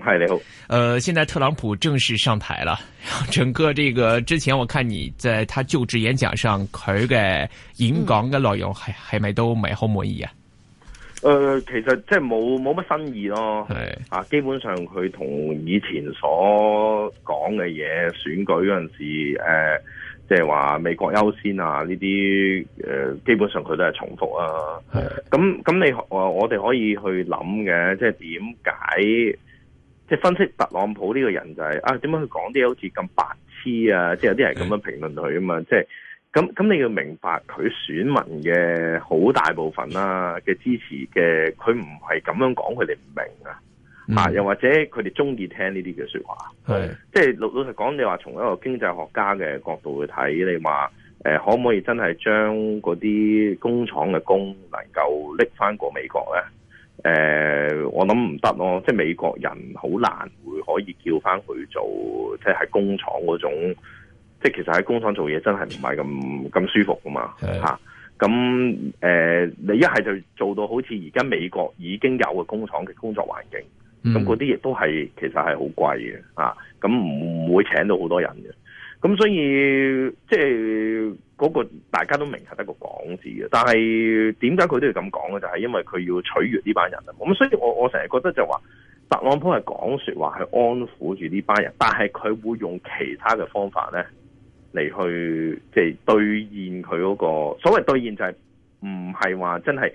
係你好，誒、呃，現在特朗普正式上台啦，整個這個之前，我看你在他就職演講上佢嘅演講嘅內容係係咪都唔係好滿意啊？誒、呃，其實即係冇冇乜新意咯，係啊，基本上佢同以前所講嘅嘢，選舉嗰陣時誒，即係話美國優先啊呢啲誒，基本上佢都係重複啊，係咁咁，你、呃、我我哋可以去諗嘅，即係點解？即分析特朗普呢個人就係、是、啊，點解佢講啲好似咁白痴啊？即係有啲人咁樣評論佢啊嘛。即係咁咁，你要明白佢選民嘅好大部分啦、啊、嘅支持嘅，佢唔係咁樣講、啊，佢哋唔明啊。啊，又或者佢哋中意聽呢啲嘅說話。即係老老實講，你話從一個經濟學家嘅角度去睇，你話、呃、可唔可以真係將嗰啲工廠嘅工能夠拎翻過美國咧？誒、呃，我諗唔得咯，即係美國人好難會可以叫翻佢做，即係喺工廠嗰種，即係其實喺工廠做嘢真係唔係咁咁舒服㗎嘛，吓、啊，咁誒、呃，你一係就做到好似而家美國已經有嘅工廠嘅工作環境，咁嗰啲亦都係其實係好貴嘅，咁、啊，唔會請到好多人嘅，咁所以即係。嗰、那個大家都明係得個講字嘅，但係點解佢都要咁講咧？就係、是、因為佢要取悅呢班人啊！咁所以我我成日覺得就話，特朗普係講說話去安撫住呢班人，但係佢會用其他嘅方法咧嚟去即係兌現佢嗰、那個所謂兌現就係唔係話真係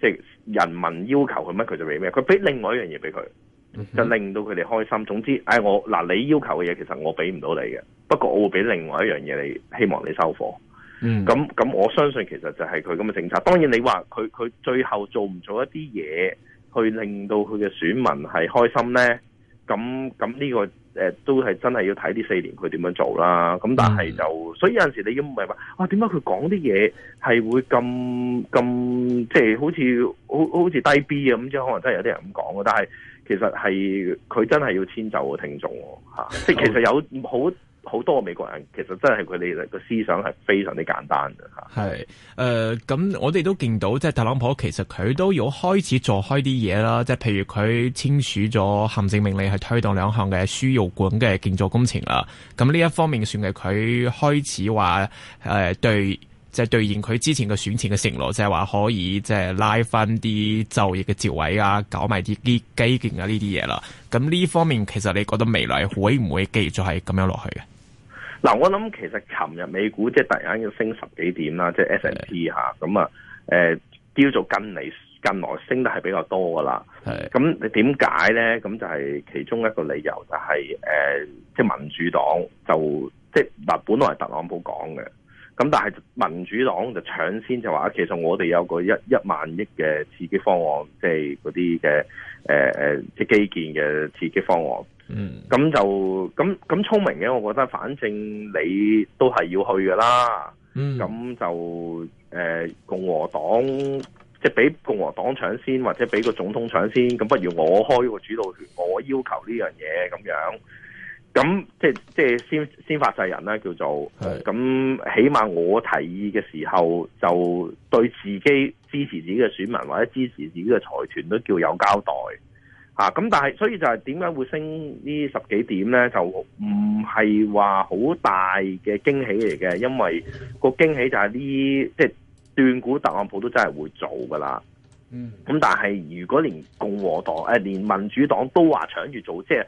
即係人民要求佢乜佢就俾咩。佢俾另外一樣嘢俾佢，就令到佢哋開心。總之，唉、哎、我嗱你要求嘅嘢其實我俾唔到你嘅。不過我會俾另外一樣嘢你，希望你收貨。咁、嗯、咁，我相信其實就係佢咁嘅政策。當然你話佢佢最後做唔做一啲嘢，去令到佢嘅選民係開心咧？咁咁呢個誒、呃、都係真係要睇呢四年佢點樣做啦。咁但係就、嗯、所以有陣時你又唔係話，啊點解佢講啲嘢係會咁咁即係好似好好似低 B 啊咁，即係可能真係有啲人咁講嘅。但係其實係佢真係要遷就個聽眾吓，即、啊、係其實有好。好多美國人其實真係佢哋嘅思想係非常之簡單嘅嚇，咁，呃、我哋都見到即係特朗普其實佢都有開始做開啲嘢啦，即係譬如佢簽署咗行政命令去推動兩項嘅輸油管嘅建造工程啦。咁呢一方面算係佢開始話誒、呃、對，即係兌現佢之前嘅選前嘅承諾，就係話可以即係拉翻啲就業嘅職位啊，搞埋啲基建啊呢啲嘢啦。咁呢方面其實你覺得未來會唔會繼續係咁樣落去嘅？嗱，我諗其實琴日美股即係突然間要升十幾點啦，即係 S&P 下咁啊，誒、呃、叫做近嚟近來升得係比較多噶啦。咁你點解咧？咁就係其中一個理由就係、是、誒、呃，即係民主黨就即係嗱，本來係特朗普講嘅，咁但係民主黨就搶先就話，其實我哋有個一一萬億嘅刺激方案，即係嗰啲嘅誒即係基建嘅刺激方案。嗯，咁就咁咁聰明嘅，我覺得反正你都係要去噶啦，咁、嗯、就誒、呃、共和黨即係俾共和黨搶先，或者俾個總統搶先，咁不如我開個主導權，我要求呢樣嘢咁樣，咁即係即係先先發制人啦，叫做咁起碼我提議嘅時候就對自己支持自己嘅選民或者支持自己嘅財團都叫有交代。啊，咁但係所以就係點解會升呢十幾點咧？就唔係話好大嘅驚喜嚟嘅，因為個驚喜就係呢，即係斷估特朗普都真係會做噶啦。嗯，咁但係如果連共和黨、啊、連民主黨都話搶住做，即係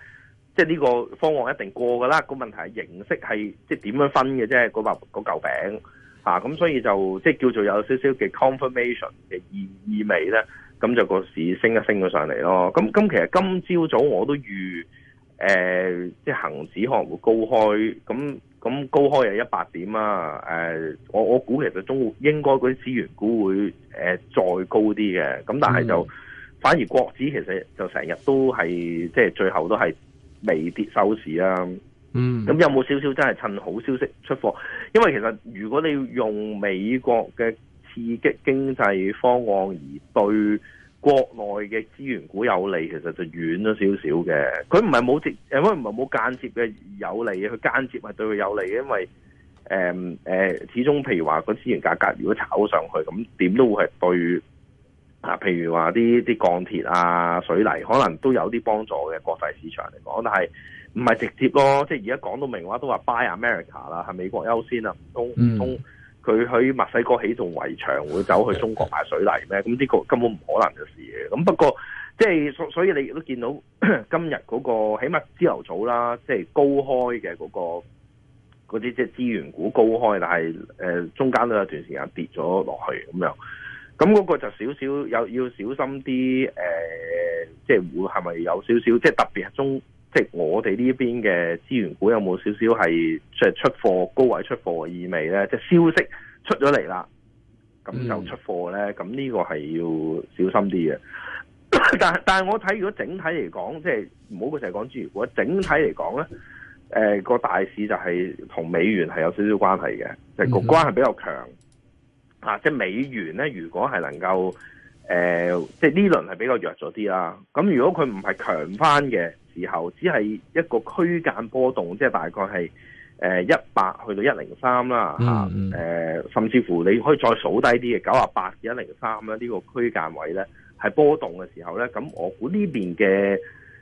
即係呢個方案一定過噶啦。個問題係形式係即係點樣分嘅啫，嗰塊嗰嚿餅啊，咁所以就即係、就係、叫做有少少嘅 confirmation 嘅意意味咧。咁就個市升一升咗上嚟咯。咁咁其實今朝早，早我都預，誒、呃，即係恆指可能會高開。咁咁高開係一百點啦、啊。誒、呃，我我估其實中國應該嗰啲資源股會誒、呃、再高啲嘅。咁但係就、嗯、反而國指其實就成日都係即係最後都係微跌收市啦、啊。嗯。咁有冇少少真係趁好消息出貨？因為其實如果你要用美國嘅。刺激經濟方案而對國內嘅資源股有利，其實就遠咗少少嘅。佢唔係冇直，誒，唔係冇間接嘅有利嘅，佢間接係對佢有利嘅。因為誒誒、嗯嗯，始終譬如話個資源價格如果炒上去咁，點都會係對啊，譬如話啲啲鋼鐵啊、水泥，可能都有啲幫助嘅國際市場嚟講。但係唔係直接咯，即係而家講到明嘅話，都話 Buy America 啦，係美國優先啊，唔通。佢去墨西哥起棟圍牆，會走去中國買水泥咩？咁呢個根本唔可能嘅事嘅。咁不過，即係所所以，你亦都見到今日嗰個，起碼朝頭早啦，即係高開嘅嗰個嗰啲即係資源股高開，但係誒中間都有段時間跌咗落去咁樣。咁嗰個就少少有要小心啲誒，即係會係咪有少少？即係特別係中。即係我哋呢邊嘅資源股有冇少少係即係出貨高位出貨嘅意味咧？即係消息出咗嚟啦，咁就出貨咧。咁、這、呢個係要小心啲嘅。 但係但係我睇如果整體嚟講，即係唔好佢成日講資源股，整體嚟講咧，誒、呃、個大市就係同美元係有少少關係嘅， 就係個關係比較強啊。即係美元咧，如果係能夠誒、呃，即係呢輪係比較弱咗啲啦。咁如果佢唔係強翻嘅。時候只係一個區間波動，即係大概係誒一百去到一零三啦，吓誒，甚至乎你可以再數低啲嘅九十八至一零三啦。呢個區間位咧係波動嘅時候咧，咁我估呢邊嘅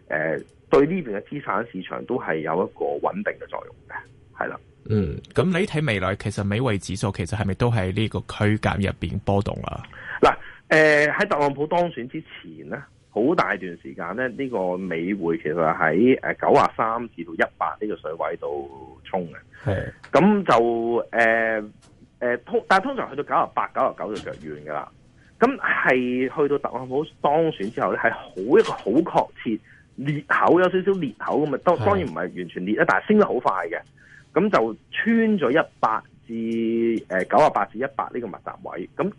誒對呢邊嘅資產市場都係有一個穩定嘅作用嘅，係啦。嗯，咁你睇未來其實美匯指數其實係咪都係呢個區間入邊波動啊？嗱，誒、呃、喺特朗普當選之前咧？好大段時間咧，呢、這個美匯其實喺誒九啊三至到一百呢個水位度衝嘅，係咁就誒誒、呃呃、通，但係通常去到九啊八、九啊九就腳軟㗎喇。咁係去到特朗普當選之後咧，係好一個好確切裂口，有少少裂口咁啊，當然唔係完全裂，但係升得好快嘅。咁就穿咗一百至誒九啊八至一百呢個密集位咁。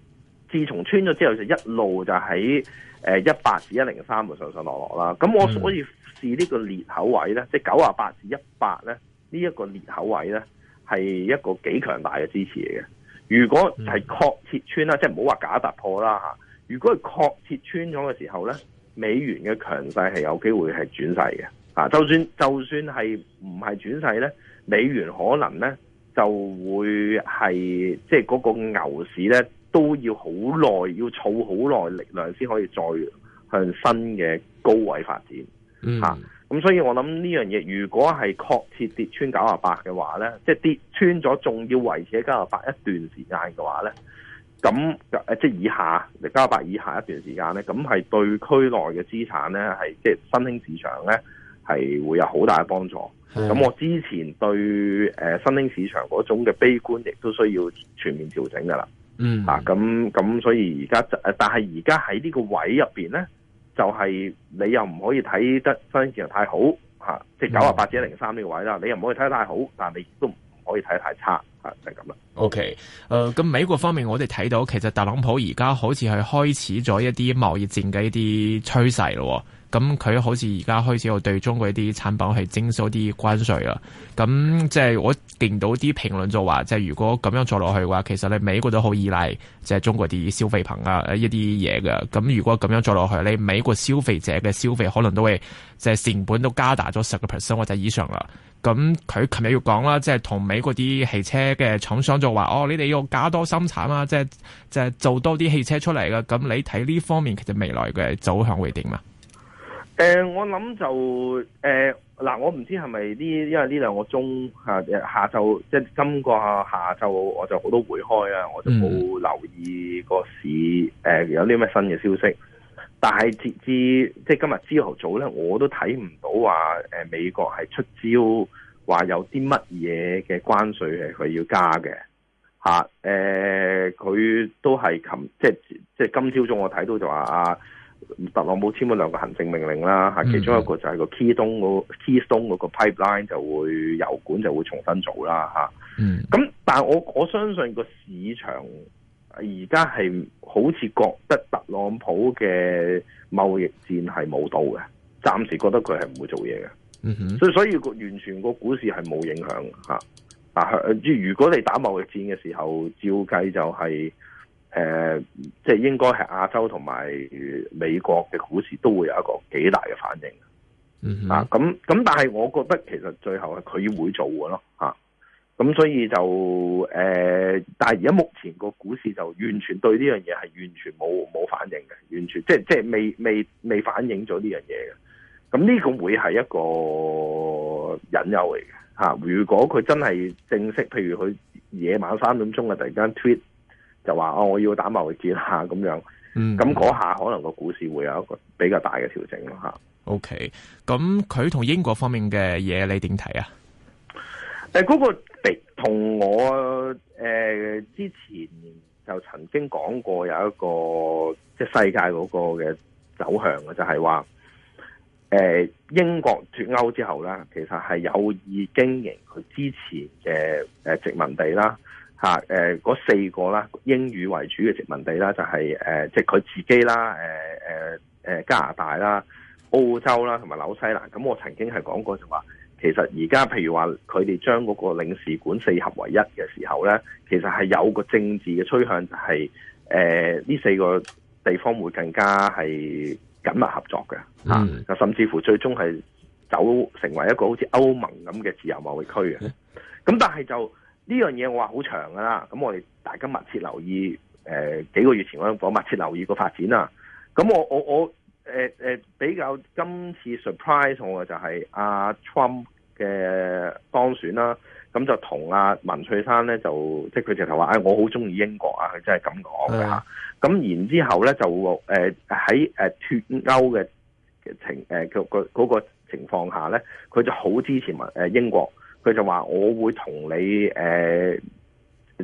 自從穿咗之後，一就一路就喺誒一百至一零三度上上落落啦。咁我所以試呢個裂口位呢，即係九啊八至一百呢，呢一個裂口位呢，係一個幾強大嘅支持嚟嘅。如果係確切穿啦，即係唔好話假突破啦嚇。如果係確切穿咗嘅時候呢，美元嘅強勢係有機會係轉勢嘅。啊，就算就算係唔係轉勢呢，美元可能呢就會係即係嗰個牛市呢。都要好耐，要儲好耐力量先可以再向新嘅高位發展嚇。咁、嗯啊嗯、所以我諗呢樣嘢，如果係確切跌穿九啊八嘅話呢，即係跌穿咗，仲要維持喺九啊八一段時間嘅話呢，咁即係以下，九啊八以下一段時間呢，咁、嗯、係對區內嘅資產呢，係即係新興市場呢，係會有好大嘅幫助。咁我之前對誒、呃、新興市場嗰種嘅悲觀，亦都需要全面調整㗎喇。嗯啊，咁咁所以而家，但係而家喺呢個位入邊咧，就係、是、你又唔可以睇得真係太好吓，即係九啊八至零三呢個位啦、嗯，你又唔可以睇得太好，但你你都唔可以睇得太差吓、啊，就係咁啦。O K，誒，咁美國方面我哋睇到，其實特朗普而家好似係開始咗一啲貿易戰嘅一啲趨勢咯。咁佢好似而家開始要對中國啲產品係徵收啲關稅啦。咁即係我。見到啲評論就話，即係如果咁樣做落去嘅話，其實你美國都好依賴即係中國啲消費品啊一啲嘢嘅。咁如果咁樣做落去，你美國消費者嘅消費可能都會即係成本都加大咗十個 percent 或者以上啦。咁佢琴日要講啦，即係同美國啲汽車嘅廠商就話，哦，你哋要加多生產啦，即係即係做多啲汽車出嚟嘅。咁你睇呢方面，其實未來嘅走向會點嘛？誒、呃，我諗就誒。呃嗱，我唔知係咪呢？因為呢兩個鐘嚇、啊、下晝，即係今個下晝，我就好多會開啊，我就冇留意個市誒、呃、有啲咩新嘅消息。但係截至即係今日朝頭早咧，我都睇唔到話誒美國係出招，話有啲乜嘢嘅關稅係佢要加嘅嚇誒，佢、啊呃、都係琴即係即係今朝早中我睇到就話啊。特朗普簽咗兩個行政命令啦，吓，其中一個就係個 Keystone Keystone 嗰個 pipeline 就會油管就會重新做啦，吓。咁，但係我我相信個市場而家係好似覺得特朗普嘅貿易戰係冇到嘅，暫時覺得佢係唔會做嘢嘅。嗯哼，所以所以個完全個股市係冇影響嘅，吓。啊，如果你打貿易戰嘅時候，照計就係。誒、呃，即係應該係亞洲同埋美國嘅股市都會有一個幾大嘅反應的。嗯，啊，咁咁，但係我覺得其實最後係佢會做嘅咯，吓、啊，咁所以就誒、呃，但係而家目前個股市就完全對呢樣嘢係完全冇冇反應嘅，完全即係即係未未未反映咗呢、啊、樣嘢嘅。咁呢個會係一個隱憂嚟嘅，吓、啊，如果佢真係正式，譬如佢夜晚三點鐘啊，突然間 tweet 就話哦，我要打貿易戰吓，咁樣，咁、嗯、嗰下可能個股市會有一個比較大嘅調整咯吓。OK，咁佢同英國方面嘅嘢你點睇啊？誒、那個，嗰個同我誒之前就曾經講過有一個即係世界嗰個嘅走向嘅，就係話誒英國脫歐之後咧，其實係有意經營佢之前嘅誒殖民地啦。啊、呃，誒嗰四個啦，英語為主嘅殖民地啦，就係、是、誒、呃，即係佢自己啦，誒誒誒加拿大啦、澳洲啦同埋紐西蘭。咁我曾經係講過就話，其實而家譬如話佢哋將嗰個領事館四合為一嘅時候咧，其實係有個政治嘅趨向，就係誒呢四個地方會更加係緊密合作嘅，啊、mm-hmm。嗯，甚至乎最終係走成為一個好似歐盟咁嘅自由貿易區嘅。咁但係就呢樣嘢我話好長噶啦，咁我哋大家密切留意，誒、呃、幾個月前我講密切留意個發展、呃呃的就是、啊。咁我我我誒誒比較今次 surprise 我嘅就係阿 Trump 嘅當選啦。咁就同阿、啊、文翠珊咧，就即係佢直頭話，唉、哎，我好中意英國啊！佢真係咁講嘅。咁然之後咧，就誒喺誒脫歐嘅情誒佢佢嗰個情況下咧，佢就好支持文誒英國。佢就話：我會同你誒、呃、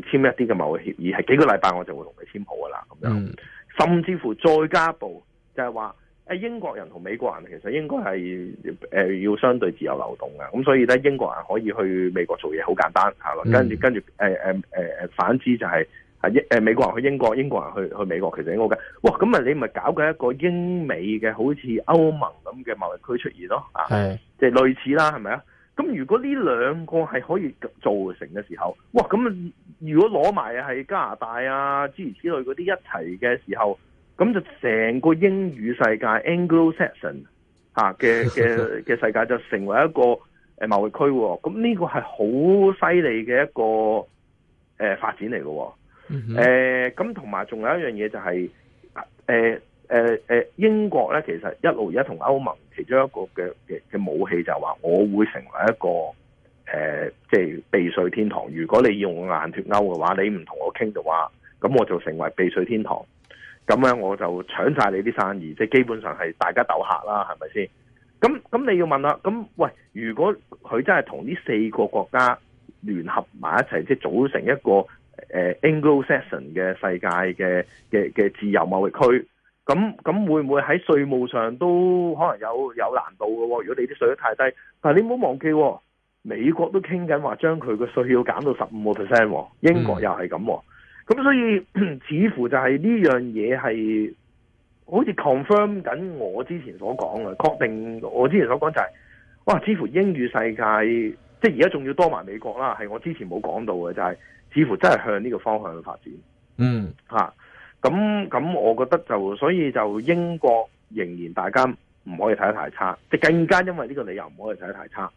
簽一啲嘅貿易協議，係幾個禮拜我就會同你簽好噶啦。咁、嗯、樣，甚至乎再加一步，就係話誒英國人同美國人其實應該係誒、呃、要相對自由流動嘅。咁所以咧，英國人可以去美國做嘢，好簡單係、嗯、跟住跟住誒誒誒誒，反之就係係英誒美國人去英國，英國人去去美國，其實都 OK。哇！咁啊，你咪搞緊一個英美嘅好似歐盟咁嘅貿易區出現咯，啊，即係類似啦，係咪啊？咁如果呢兩個係可以做成嘅時候，哇！咁如果攞埋係加拿大啊、諸如此類啲一齊嘅時候，咁就成個英語世界 Anglo-Saxon 嚇嘅嘅嘅世界就成為一個誒貿易區喎。咁呢個係好犀利嘅一個誒、呃、發展嚟嘅。誒咁同埋仲有一樣嘢就係誒誒誒英國咧，其實一路而家同歐盟。其中一個嘅嘅嘅武器就係話我會成為一個誒即係避稅天堂。如果你用硬脱勾嘅話，你唔同我傾嘅話，咁我就成為避稅天堂。咁樣我就搶晒你啲生意，即係基本上係大家鬥客啦，係咪先？咁咁你要問啦，咁喂，如果佢真係同呢四個國家聯合埋一齊，即係組成一個誒 Anglo-Saxon 嘅世界嘅嘅嘅自由貿易區。咁咁會唔會喺稅務上都可能有有難度嘅，哦。如果你啲稅率太低，但係你唔好忘記，哦，美國都傾緊話將佢個稅要減到十五個 percent，英國又係咁，咁，嗯嗯、所以似乎就係呢樣嘢係好似 confirm 緊我之前所講嘅，確定我之前所講就係，是，哇，似乎英語世界即係而家仲要多埋美國啦，係我之前冇講到嘅，就係，是，似乎真係向呢個方向去發展，嗯，吓、啊。咁咁，我覺得就所以就英國仍然大家唔可以睇得太差，即更加因為呢個理由唔可以睇得太差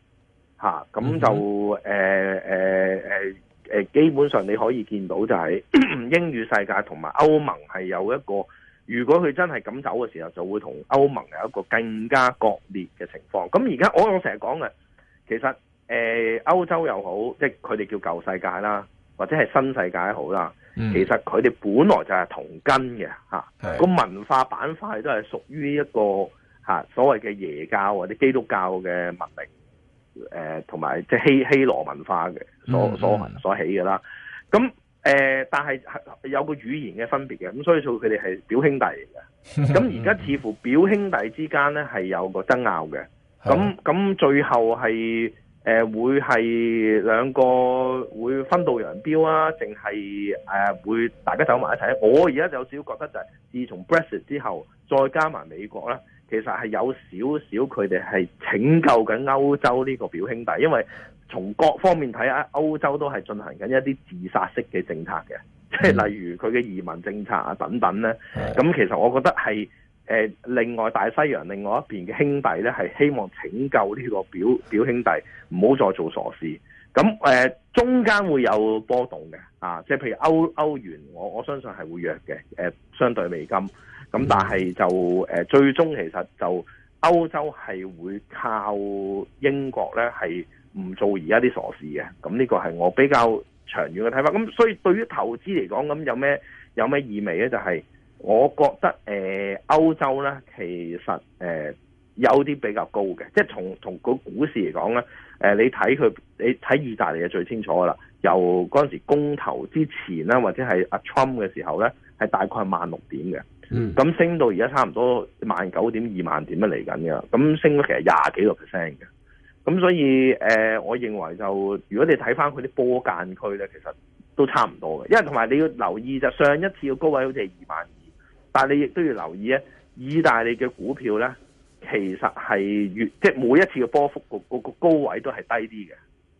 嚇。咁、啊、就誒誒、 呃呃呃呃、基本上你可以見到就係、是、 英語世界同埋歐盟係有一個，如果佢真係咁走嘅時候，就會同歐盟有一個更加割裂嘅情況。咁而家我我成日講嘅，其實誒歐洲又好，即佢哋叫舊世界啦，或者係新世界好啦。嗯、其實佢哋本來就係同根嘅，吓、啊、個文化板塊都係屬於一個吓、啊、所謂嘅耶教或者基督教嘅文明，誒同埋即係希希羅文化嘅所、嗯、所所，所起嘅啦。咁誒、呃，但係有個語言嘅分別嘅，咁所以就佢哋係表兄弟嚟嘅。咁而家似乎表兄弟之間咧係有個爭拗嘅，咁咁最後係。誒、呃、會係兩個會分道揚鑣啊，定係誒會大家走埋一齊？我而家有少覺得就係、是，自從 Brexit 之後，再加埋美國咧，其實係有少少佢哋係拯救緊歐洲呢個表兄弟，因為從各方面睇下，歐洲都係進行緊一啲自殺式嘅政策嘅，即、就、係、是、例如佢嘅移民政策啊等等咧。咁其實我覺得係。誒，另外大西洋另外一邊嘅兄弟呢，係希望拯救呢個表表兄弟，唔好再做傻事。咁誒，中間會有波動嘅，啊，即係譬如歐歐元我，我我相信係會弱嘅，誒，相對美金。咁但係就誒，最終其實就歐洲係會靠英國呢，係唔做而家啲傻事嘅。咁呢個係我比較長遠嘅睇法。咁所以對於投資嚟講，咁有咩有咩意味呢？就係。我覺得誒、呃、歐洲咧，其實誒、呃、有啲比較高嘅，即係從從個股市嚟講咧，誒、呃、你睇佢你睇意大利嘅最清楚噶啦。由嗰陣時候公投之前啦，或者係阿 Trump 嘅時候咧，係大概萬六點嘅。咁、嗯、升到而家差唔多萬九點二萬點啊，嚟緊嘅，咁升咗其實廿幾個 percent 嘅。咁所以誒、呃，我認為就如果你睇翻佢啲波間區咧，其實都差唔多嘅，因為同埋你要留意就上一次嘅高位好似係二萬。但你亦都要留意咧，意大利嘅股票咧，其實係越即係每一次嘅波幅個個高位都係低啲嘅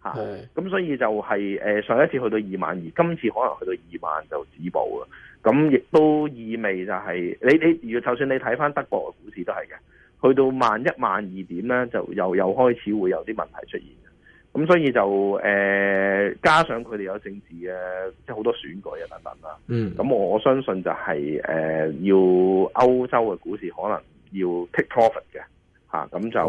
嚇，咁所以就係誒上一次去到二萬二，今次可能去到二萬就止步啦。咁亦都意味就係、是、你你要就算你睇返德國嘅股市都係嘅，去到萬一萬二點咧，就又又開始會有啲問題出現。咁所以就誒、呃，加上佢哋有政治嘅，即係好多選舉啊等等啦。嗯，咁我相信就係、是、誒、呃，要歐洲嘅股市可能要 take profit 嘅。啊，咁就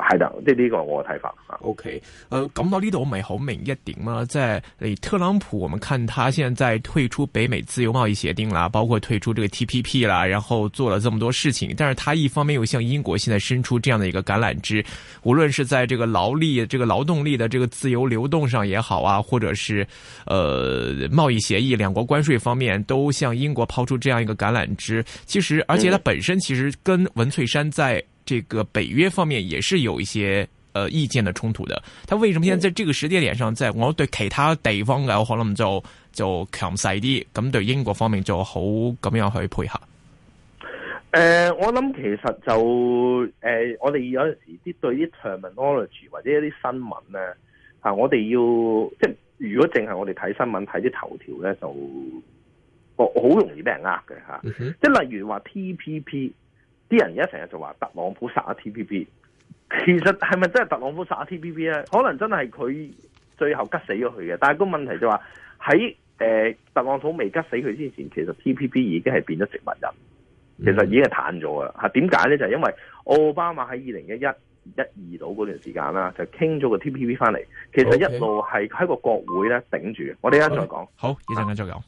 係啦，即係呢個我嘅睇法。啊，OK，呃、嗯，咁、嗯嗯、到呢度，咪好明一點嘛，啊，在係特朗普，我們看他現在退出北美自由貿易協定啦，包括退出這個 TPP 啦，然後做了這麼多事情，但是他一方面又向英國現在伸出這樣的一個橄欖枝，無論是在這個勞力、這個勞動力的這個自由流動上也好啊，或者是呃，呃貿易協議、兩國關稅方面都向英國拋出這樣一個橄欖枝。其實，而且他本身其實跟文翠珊在、嗯。這個北約方面也是有一些、呃，意見的衝突的。他為什麼現在在這個時間點上，在、哦、我對其他地方嚟可能就就強勢啲，咁、嗯、對英國方面就好咁樣去配合。誒、呃，我諗其實就，誒、呃，我哋有陣時啲對啲 terminology 或者一啲新聞呢，吓、啊，我哋要即係如果淨係我哋睇新聞睇啲頭條呢，就我好容易俾人呃嘅吓，即、啊、係、嗯、例如話 TPP。啲人一成日就話特朗普殺咗 TPP，其實係咪真係特朗普殺咗 TPP 咧？可能真係佢最後吉死咗佢嘅。但係個問題就話、是、喺、呃、特朗普未吉死佢之前，其實 TPP 已經係變咗植物人、嗯，其實已經係癱咗啦。嚇點解咧？就係、因為奧巴馬喺二零一一一二度嗰段時間啦，就傾咗個 TPP 翻嚟，其實一路係喺個國會咧頂住。Okay. 我哋一陣再講，okay. 好，一陣間再講。啊。